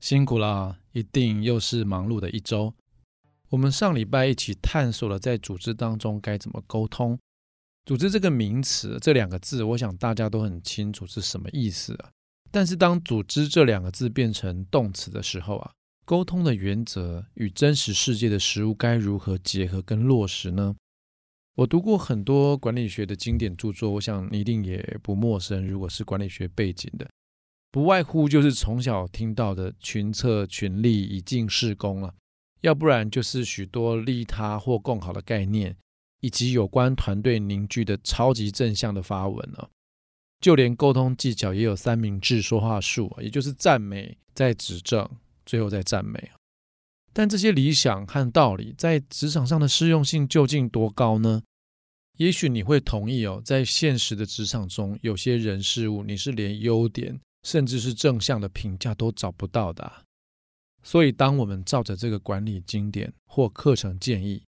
辛苦啦，一定又是忙碌的一週。我們上禮拜一起探索了在組織當中該怎麼溝通。組織這個名詞這兩個字，我想大家都很清楚是什麼意思啊。但是當組織這兩個字變成動詞的時候啊，溝通的原則與真實世界的事物該如何結合跟落實呢？我讀過很多管理學的經典著作，我想你一定也不陌生，如果是管理學背景的。不外乎就是從小聽到的群策群力以竟事功了、啊，要不然就是許多利他或更好的概念，以及有關團隊凝聚的超級正向的發文了、啊。就連溝通技巧也有三明治說話術啊，也就是讚美、再指正、最後再讚美。但這些理想和道理在職場上的適用性究竟多高呢？也許你會同意哦，在現實的職場中，有些人事物你是連優點。甚至是正向的評價都找不到的啊，所以當我們照着這個管理經典或課程建議，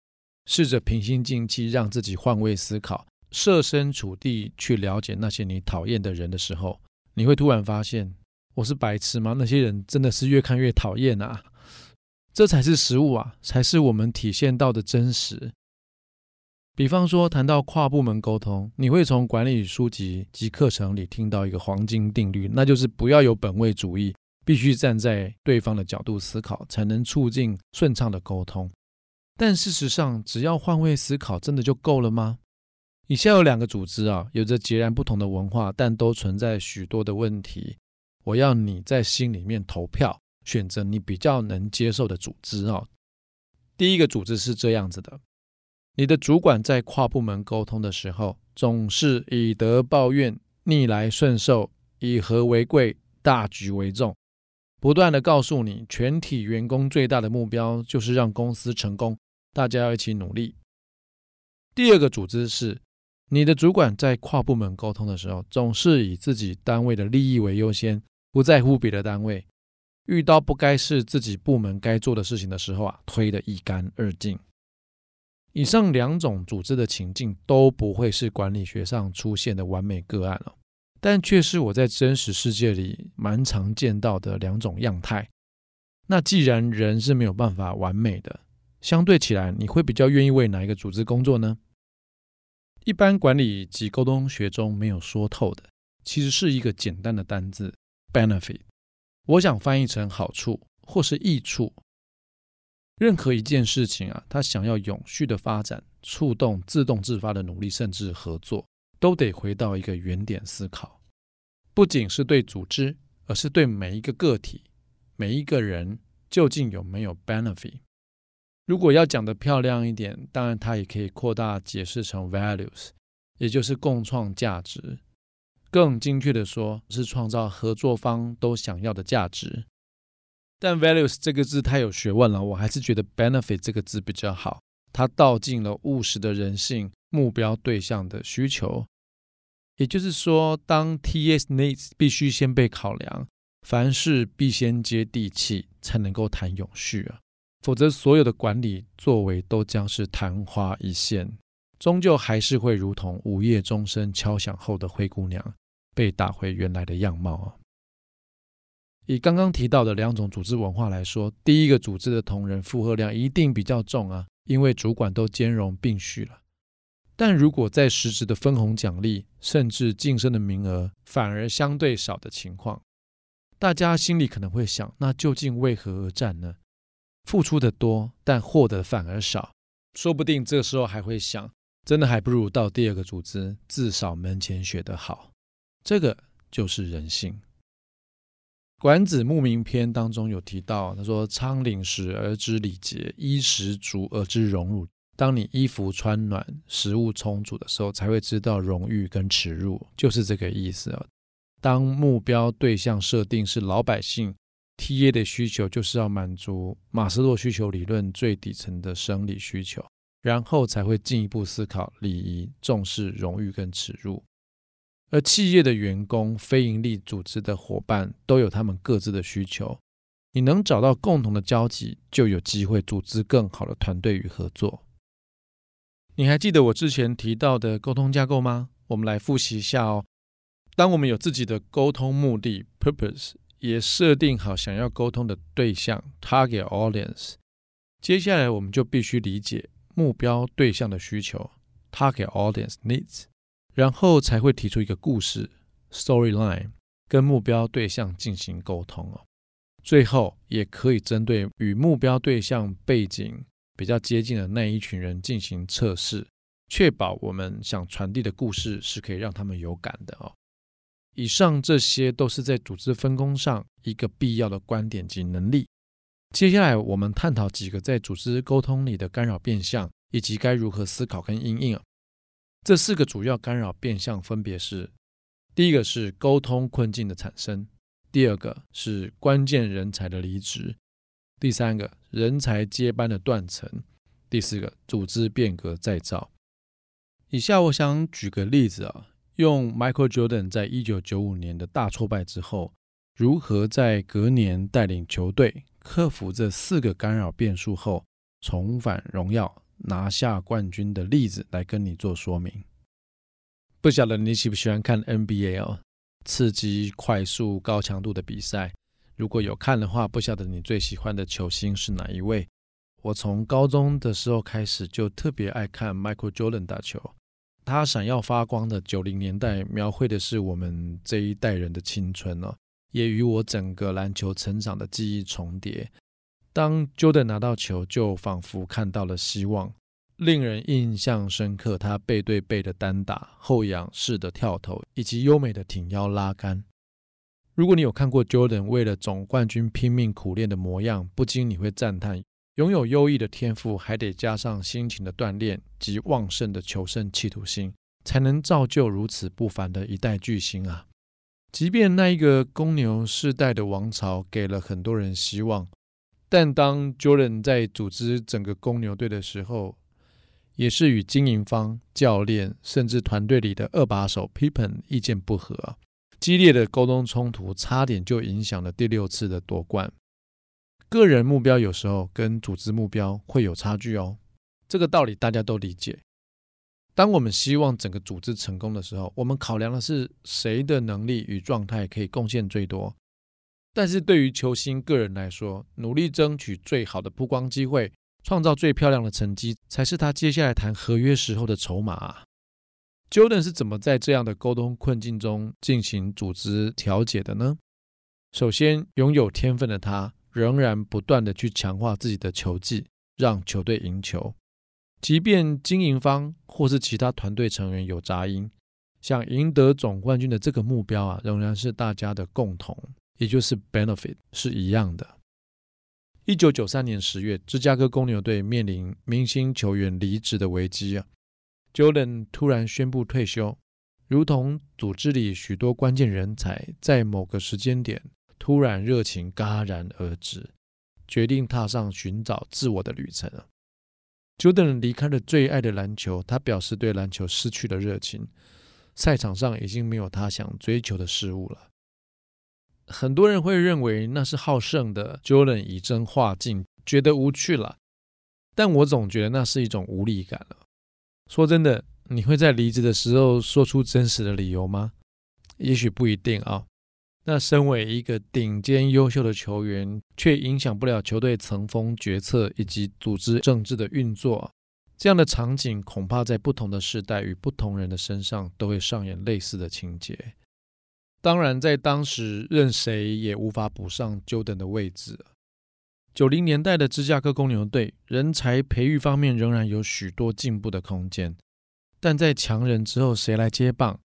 試着平心靜氣，讓自己換位思考，設身處地去了解那些你討厭的人的時候，你會突然發現，我是白痴嗎？那些人真的是越看越討厭啊！這才是實物啊，才是我們體現到的真實。比方說，談到跨部門溝通，你會從管理書籍及課程裡聽到一個黃金定律，那就是不要有本位主義，必須站在對方的角度思考，才能促進順暢的溝通。但事實上，只要換位思考，真的就夠了嗎？以下有兩個組織啊，有着截然不同的文化，但都存在許多的問題。我要你在心裡面投票，選擇你比較能接受的組織啊。第一個組織是這樣子的。你的主管在跨部門溝通的時候，總是以德報怨、逆來順受、以和為貴、大局為重，不斷地告訴你全體員工最大的目標就是讓公司成功，大家要一起努力。第二個組織是，你的主管在跨部門溝通的時候，總是以自己單位的利益為優先，不在乎別的單位，遇到不該是自己部門該做的事情的時候啊，推得一乾二淨。以上兩種組織的情境都不會是管理學上出現的完美個案了哦，但卻是我在真實世界裡蠻常見到的兩種樣態。那既然人是沒有辦法完美的，相對起來，你會比較願意為哪一個組織工作呢？一般管理及溝通學中沒有說透的，其實是一個簡單的單字 benefit，我想翻譯成好處或是益處。任何一件事情啊，它想要永續的發展、觸動、自動自發的努力，甚至合作，都得回到一個原點思考。不僅是對組織，而是對每一個個體、每一個人，究竟有沒有 benefit？如果要講得漂亮一點，當然它也可以擴大解釋成 values，也就是共創價值。更精確的說，是創造合作方都想要的價值。但 values 這個字太有學問了，我還是覺得 benefit 這個字比較好。它道盡了務實的人性、目標對象的需求。也就是說，當 TS needs 必須先被考量，凡事必先接地氣，才能夠談永續啊。否則，所有的管理作為都將是曇花一現，終究還是會如同午夜鐘聲敲響後的灰姑娘，被打回原來的樣貌啊。以剛剛提到的兩種組織文化來說，第一個組織的同仁負荷量一定比較重啊，因為主管都兼容並蓄了。但如果在實質的分紅獎勵，甚至晉升的名額反而相對少的情況，大家心裡可能會想，那究竟為何而戰呢？付出的多，但獲得反而少，說不定這時候還會想，真的還不如到第二個組織，至少門前學得好。這個就是人性。管子，牧民篇當中有提到，他說：“倉廩實而知禮節，衣食足而知榮辱。”當你衣服穿暖、食物充足的時候，才會知道榮譽跟恥辱，就是這個意思。當目標對象設定是老百姓，TA 的需求就是要滿足馬斯洛需求理論最底層的生理需求，然後才會進一步思考禮儀、重視榮譽跟恥辱。而企業的員工、非營利組織的夥伴都有他們各自的需求，你能找到共同的交集，就有機會組織更好的團隊與合作。你還記得我之前提到的溝通架構嗎？我們來複習一下哦。當我們有自己的溝通目的 （purpose），也設定好想要溝通的對象 （target audience），接下來我們就必須理解目標對象的需求 （target audience needs）。然後才會提出一個故事 storyline，跟目標對象進行溝通哦。最後也可以針對與目標對象背景比較接近的那一群人進行測試，確保我們想傳遞的故事是可以讓他們有感的哦。以上這些都是在組織分工上一個必要的觀點及能力。接下來我們探討幾個在組織溝通裡的干擾變項，以及該如何思考跟因應對這四個主要干擾變項分別是：第一個是溝通困境的產生，第二個是關鍵人才的離職，第三個人才接班的斷層，第四個組織變革再造。以下我想舉個例子啊，用 Michael Jordan 在一九九五年的大挫敗之後，如何在隔年帶領球隊克服這四個干擾變數後，重返榮耀。拿下冠軍的例子來跟你做說明。不曉得你喜不喜歡看 NBA 哦，刺激、快速、高強度的比賽。如果有看的話，不曉得你最喜歡的球星是哪一位？我從高中的時候開始就特別愛看 Michael Jordan 打球，他閃耀發光的九零年代，描繪的是我們這一代人的青春哦，也與我整個籃球成長的記憶重疊。當 Jordan 拿到球，就仿佛看到了希望。令人印象深刻，他背對背的單打、後仰式的跳投，以及優美的挺腰拉桿。如果你有看過 Jordan 為了總冠軍拼命苦練的模樣，不禁你會讚嘆：擁有優異的天賦，還得加上辛勤的鍛鍊及旺盛的求勝企圖心，才能造就如此不凡的一代巨星啊！即便那一個公牛世代的王朝，給了很多人希望。但當 Jordan 在組織整個公牛隊的時候，也是與經營方、教練甚至團隊裡的二把手 Pippen 意見不合，激烈的溝通衝突差點就影響了第六次的奪冠。個人目標有時候跟組織目標會有差距哦，這個道理大家都理解。當我們希望整個組織成功的時候，我們考量的是誰的能力與狀態可以貢獻最多。但是對於球星個人來說，努力爭取最好的曝光機會，創造最漂亮的成績，才是他接下來談合約時候的籌碼啊。Jordan 是怎麼在這樣的溝通困境中進行組織調解的呢？首先，擁有天分的他，仍然不斷地去強化自己的球技，讓球隊贏球。即便經營方或是其他團隊成員有雜音，想贏得總冠軍的這個目標啊，仍然是大家的共同。也就是 benefit 是一樣的。一九九三年十月，芝加哥公牛隊面臨明星球員離職的危機啊。Jordan 突然宣布退休，如同組織裡許多關鍵人才在某個時間點突然熱情戛然而止，決定踏上尋找自我的旅程。Jordan 離開了最愛的籃球，他表示對籃球失去了熱情，賽場上已經沒有他想追求的事物了。很多人會認為那是好勝的，Jordan 已臻化境，覺得無趣了。但我總覺得那是一種無力感了。說真的，你會在離職的時候說出真實的理由嗎？也許不一定啊。那身為一個頂尖優秀的球員，卻影響不了球隊層峰決策以及組織政治的運作，這樣的場景恐怕在不同的時代與不同人的身上都會上演類似的情節。當然，在當時，任誰也無法補上喬丹的位置。九零年代的芝加哥公牛隊，人才培育方面仍然有許多進步的空間。但在強人之後，誰來接棒？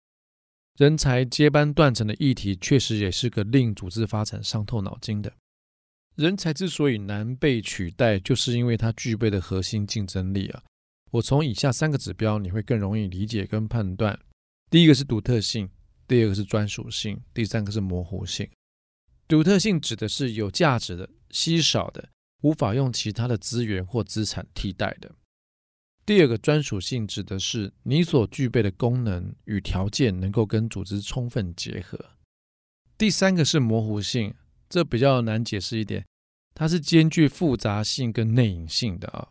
人才接班斷層的議題，確實也是個令組織發展傷透腦筋的。人才之所以難被取代，就是因為他具備的核心競爭力啊。我從以下三個指標，你會更容易理解跟判斷。第一個是獨特性。第二個是專屬性，第三個是模糊性。獨特性指的是有價值的、稀少的、無法用其他的資源或資產替代的。第二個專屬性指的是你所具備的功能與條件能夠跟組織充分結合。第三個是模糊性，這比較難解釋一點，它是兼具複雜性跟內隱性的啊、哦。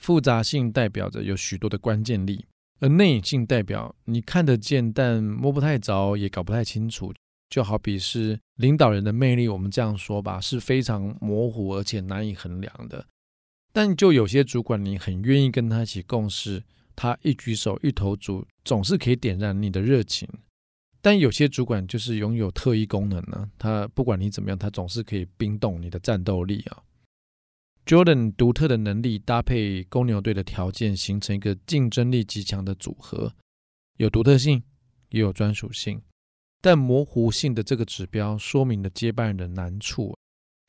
複雜性代表着有許多的關鍵力。而內隱性代表你看得見，但摸不太着，也搞不太清楚。就好比是領導人的魅力，我們這樣說吧，是非常模糊而且難以衡量的。但就有些主管，你很願意跟他一起共事，他一舉手一投足，總是可以點燃你的熱情。但有些主管就是擁有特異功能呢、啊，他不管你怎麼樣，他總是可以冰凍你的戰鬥力啊。Jordan 獨特的能力搭配公牛隊的條件，形成一個競爭力極強的組合，有獨特性，也有專屬性。但模糊性的這個指標，說明了接班人的難處，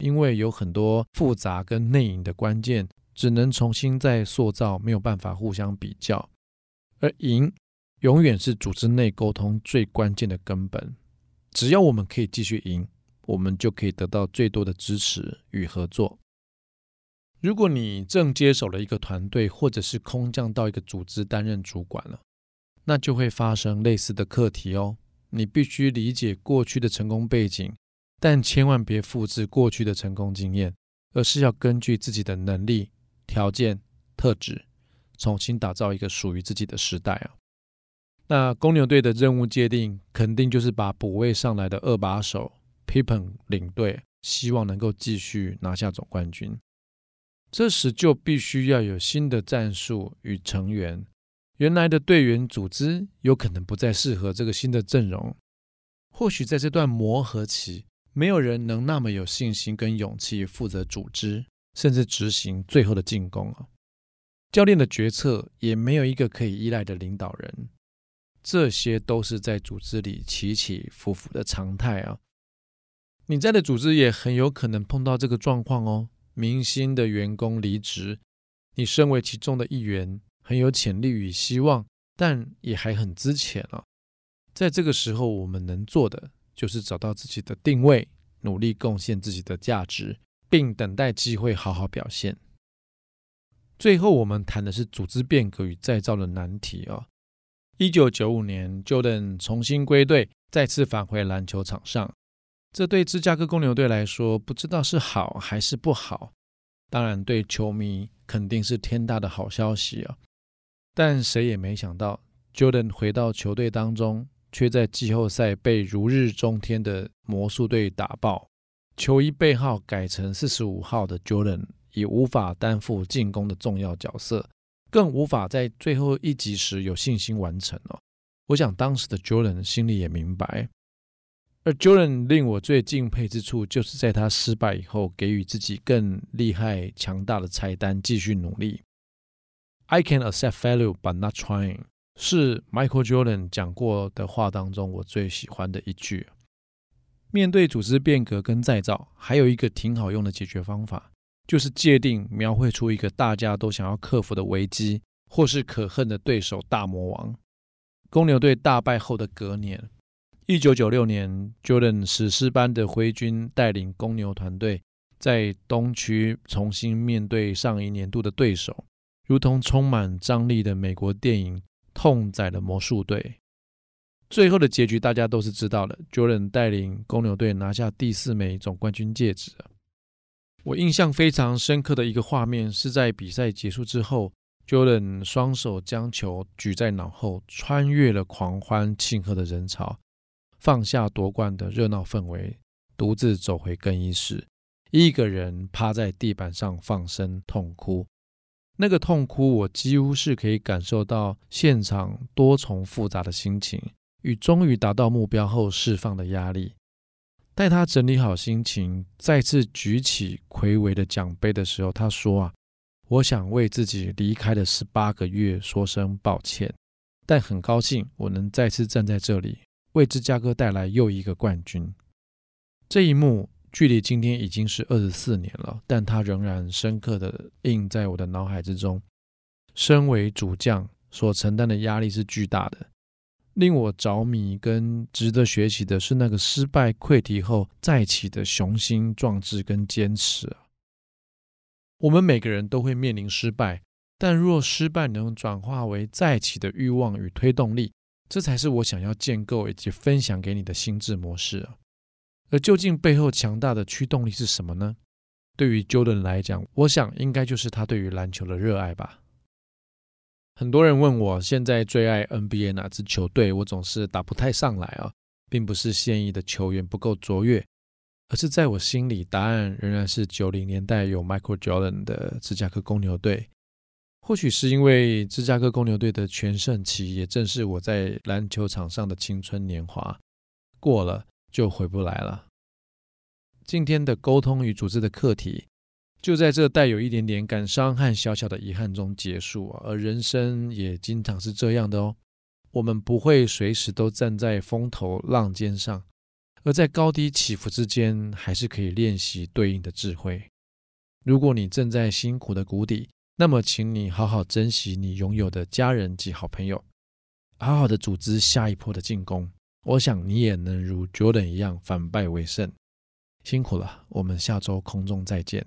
因為有很多複雜跟內隱的關鍵，只能重新再塑造，沒有辦法互相比較。而贏永遠是組織內溝通最關鍵的根本。只要我們可以繼續贏，我們就可以得到最多的支持與合作。如果你正接手了一個團隊，或者是空降到一個組織擔任主管了，那就會發生類似的課題哦。你必須理解過去的成功背景，但千萬別複製過去的成功經驗，而是要根據自己的能力、條件、特質，重新打造一個屬於自己的時代啊。那公牛隊的任務界定，肯定就是把補位上來的二把手 Pippen 領隊，希望能夠繼續拿下總冠軍。這時就必須要有新的戰術與成員，原來的隊員組織有可能不再適合這個新的陣容。或許在這段磨合期，沒有人能那麼有信心跟勇氣負責組織，甚至執行最後的進攻啊。教練的決策也沒有一個可以依賴的領導人，這些都是在組織裡起起伏伏的常態啊。你在的組織也很有可能碰到這個狀況哦。明星的員工離職，你身為其中的一員，很有潛力與希望，但也還很資淺啊。在這個時候，我們能做的就是找到自己的定位，努力貢獻自己的價值，並等待機會好好表現。最後，我們談的是組織變革與再造的難題哦。一九九五年，Jordan 重新歸隊，再次返回籃球場上。這對芝加哥公牛隊來說，不知道是好還是不好。當然，對球迷肯定是天大的好消息啊、哦！但誰也沒想到，Jordan 回到球隊當中，却在季後賽被如日中天的魔術隊打爆。球衣背號改成四十五號的 Jordan，已無法擔負進攻的重要角色，更無法在最後一擊時有信心完成哦。我想，當時的 Jordan 心裡也明白。而 Jordan 令我最敬佩之處，就是在他失敗以後，給予自己更厲害、強大的菜單，繼續努力。I can accept failure but not trying，是 Michael Jordan 講過的話當中我最喜歡的一句。面對組織變革跟再造，還有一個挺好用的解決方法，就是界定、描繪出一個大家都想要克服的危機，或是可恨的對手大魔王。公牛隊大敗後的隔年。一九九六年，Jordan 史詩般的揮軍帶領公牛團隊在東區重新面對上一年度的對手，如同充滿張力的美國電影，痛宰了魔術隊。最後的結局大家都是知道的，Jordan 帶領公牛隊拿下第四枚總冠軍戒指。我印象非常深刻的一個畫面是在比賽結束之後，Jordan 雙手將球舉在腦後，穿越了狂歡慶賀的人潮。放下奪冠的熱鬧氛圍，獨自走回更衣室，一個人趴在地板上放聲痛哭。那個痛哭，我幾乎是可以感受到現場多重複雜的心情，與終於達到目標後釋放的壓力。待他整理好心情，再次舉起睽違的獎杯的時候，他說：“啊，我想為自己離開的十八個月說聲抱歉，但很高興我能再次站在這裡。”為芝加哥帶來又一個冠軍，這一幕距離今天已經是二十四年了，但它仍然深刻的印在我的腦海之中。身為主將，所承擔的壓力是巨大的，令我着迷跟值得學習的是那個失敗潰堤後再起的雄心壯志跟堅持。我們每個人都會面臨失敗，但若失敗能轉化為再起的欲望與推動力。這才是我想要建構以及分享給你的心智模式。而究竟背後強大的驅動力是什麼呢？對於 Jordan 來講，我想應該就是他對於籃球的熱愛吧。很多人問我現在最愛 NBA 哪支球隊，我總是答不太上來啊，並不是現役的球員不夠卓越，而是在我心裡，答案仍然是九零年代有 Michael Jordan 的芝加哥公牛隊。或許是因為芝加哥公牛隊的全盛期，也正是我在籃球場上的青春年華，過了就回不來了。今天的溝通與組織的課題，就在這帶有一點點感傷和小小的遺憾中結束，而人生也經常是這樣的哦，我們不會隨時都站在風頭浪尖上，而在高低起伏之間，還是可以練習對應的智慧。如果你正在辛苦的谷底，那麼，請你好好珍惜你擁有的家人及好朋友，好好的組織下一波的進攻。我想你也能如 Jordan 一樣反敗為勝。辛苦了，我們下周空中再見。